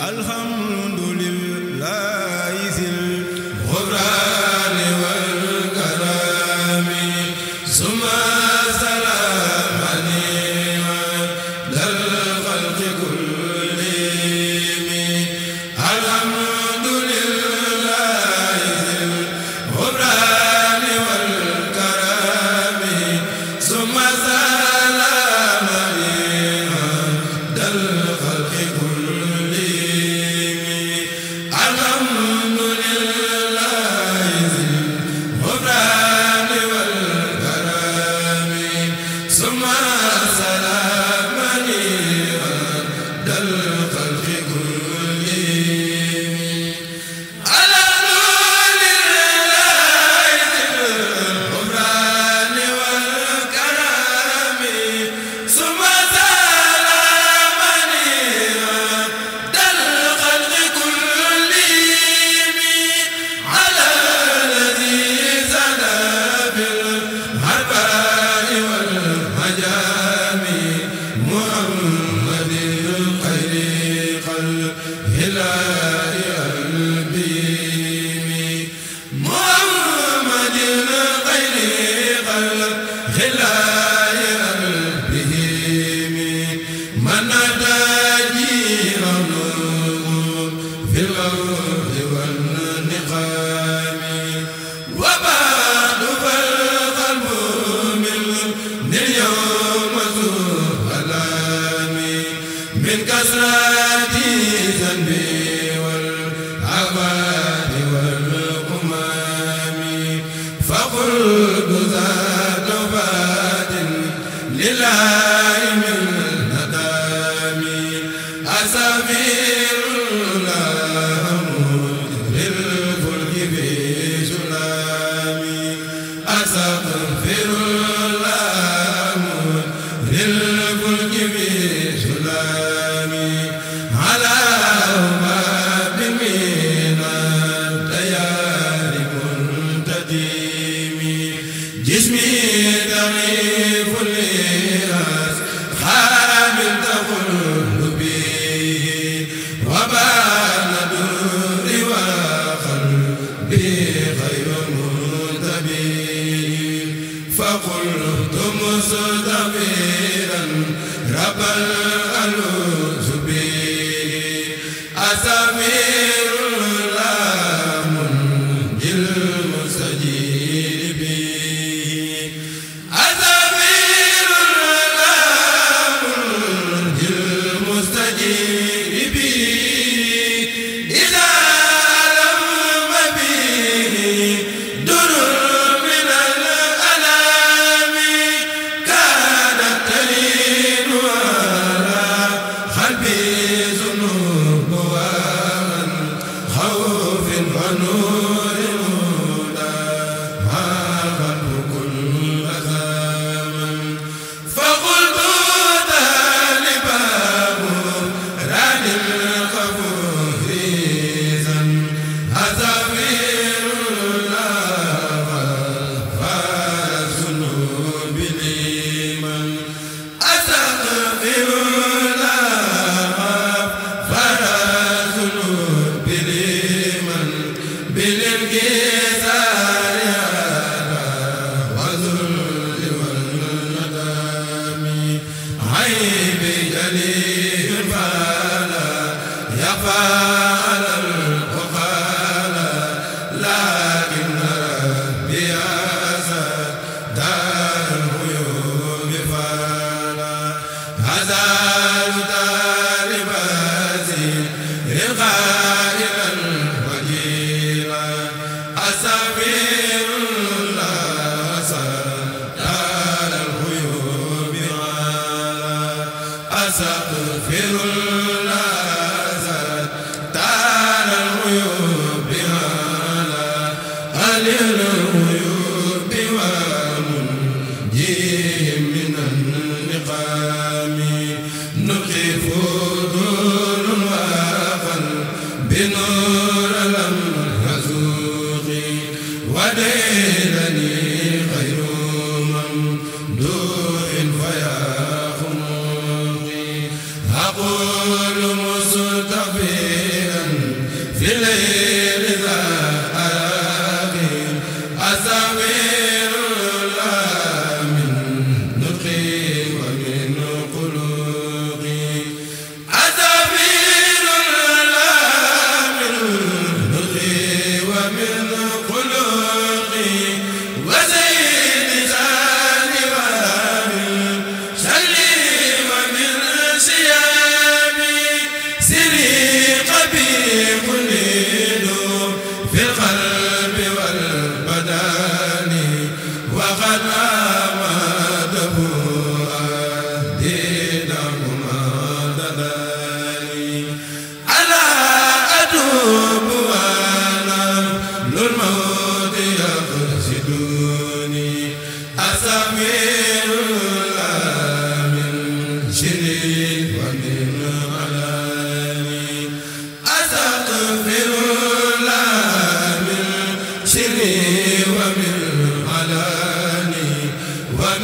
alhamdulillah فقلتم مستغفرا رب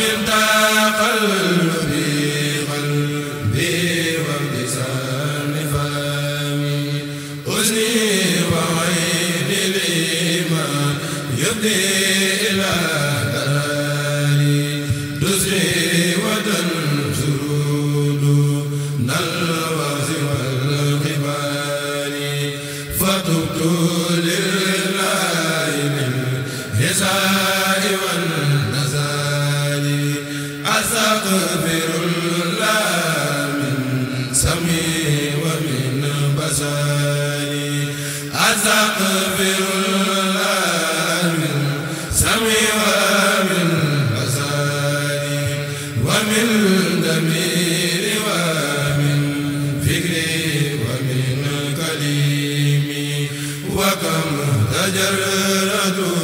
amiin jërëjëf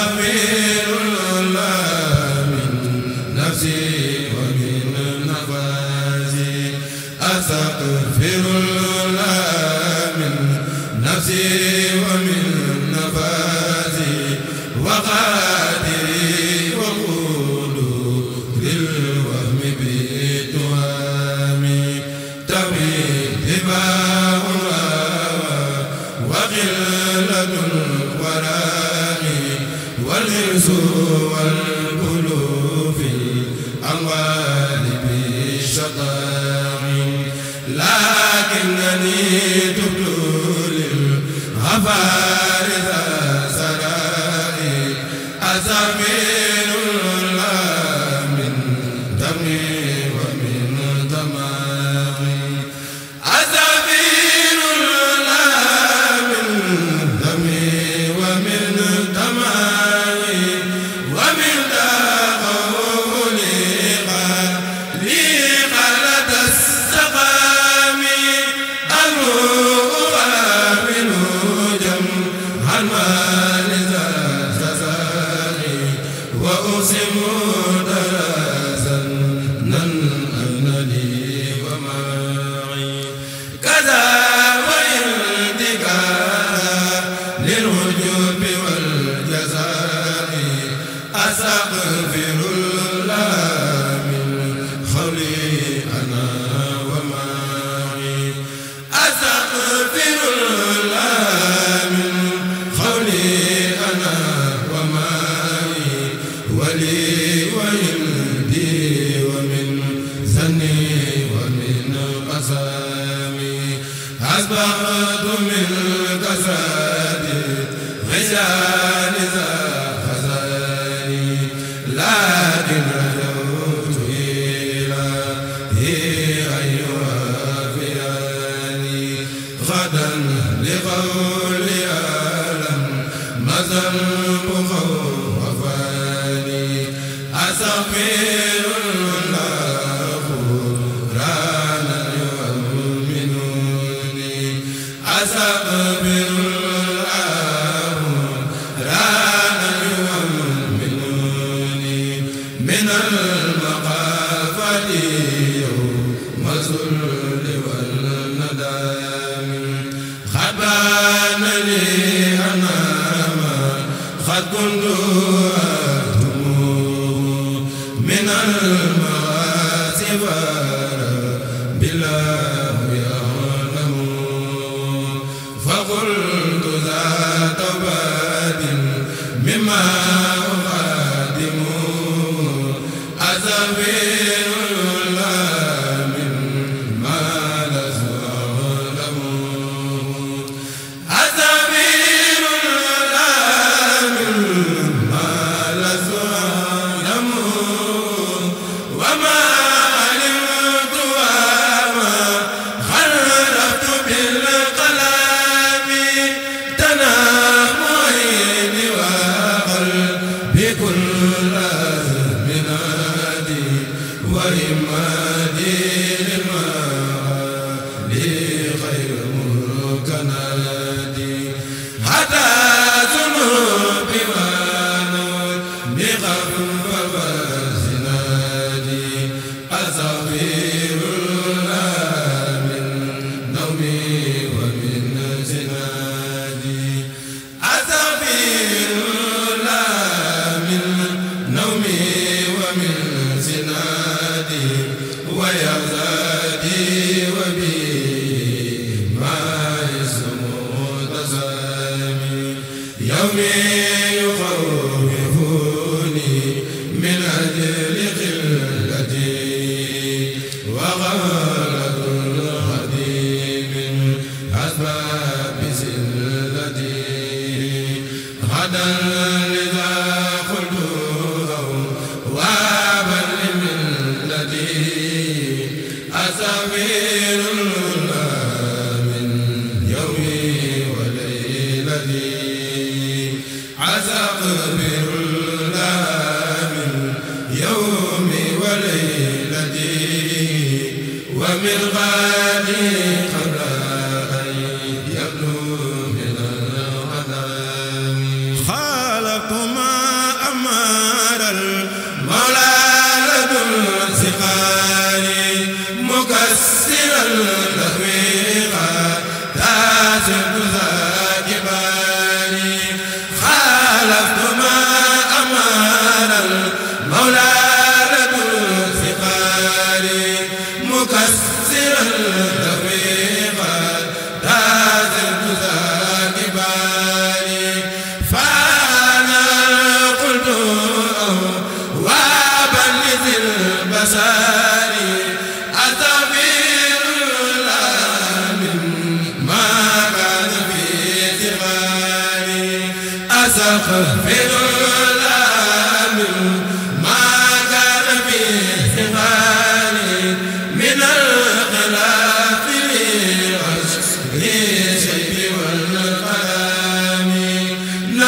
amiin أفارد سرائي أزمي tabir amiin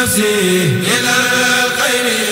نفسي إلى الخير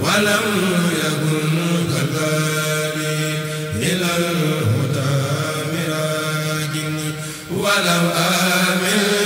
ولو آمن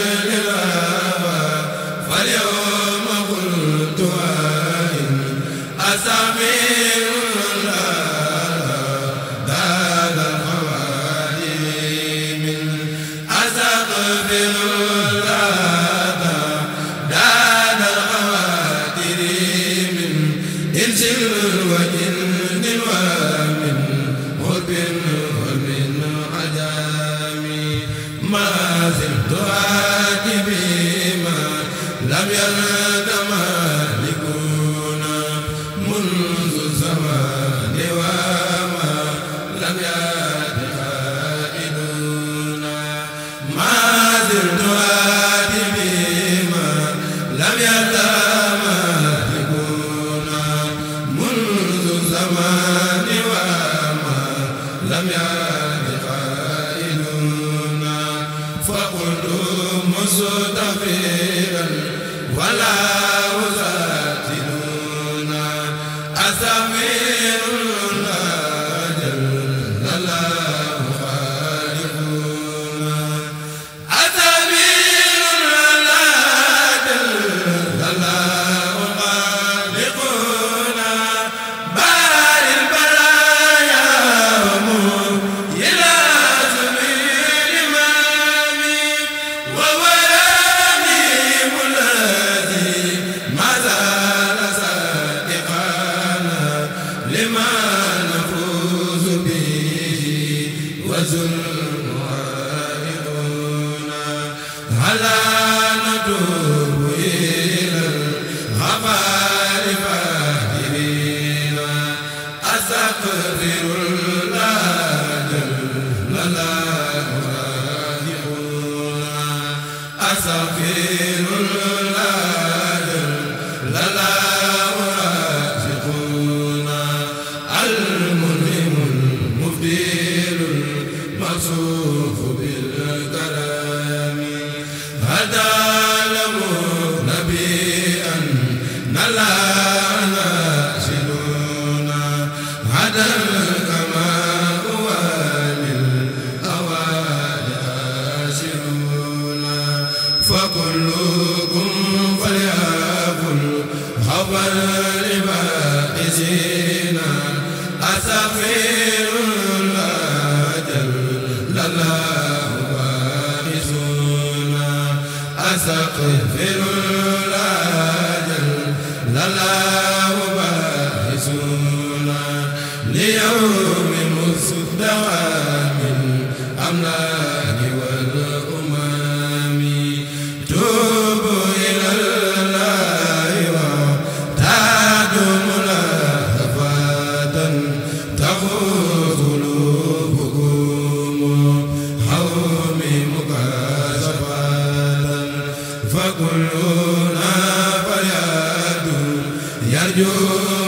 yarju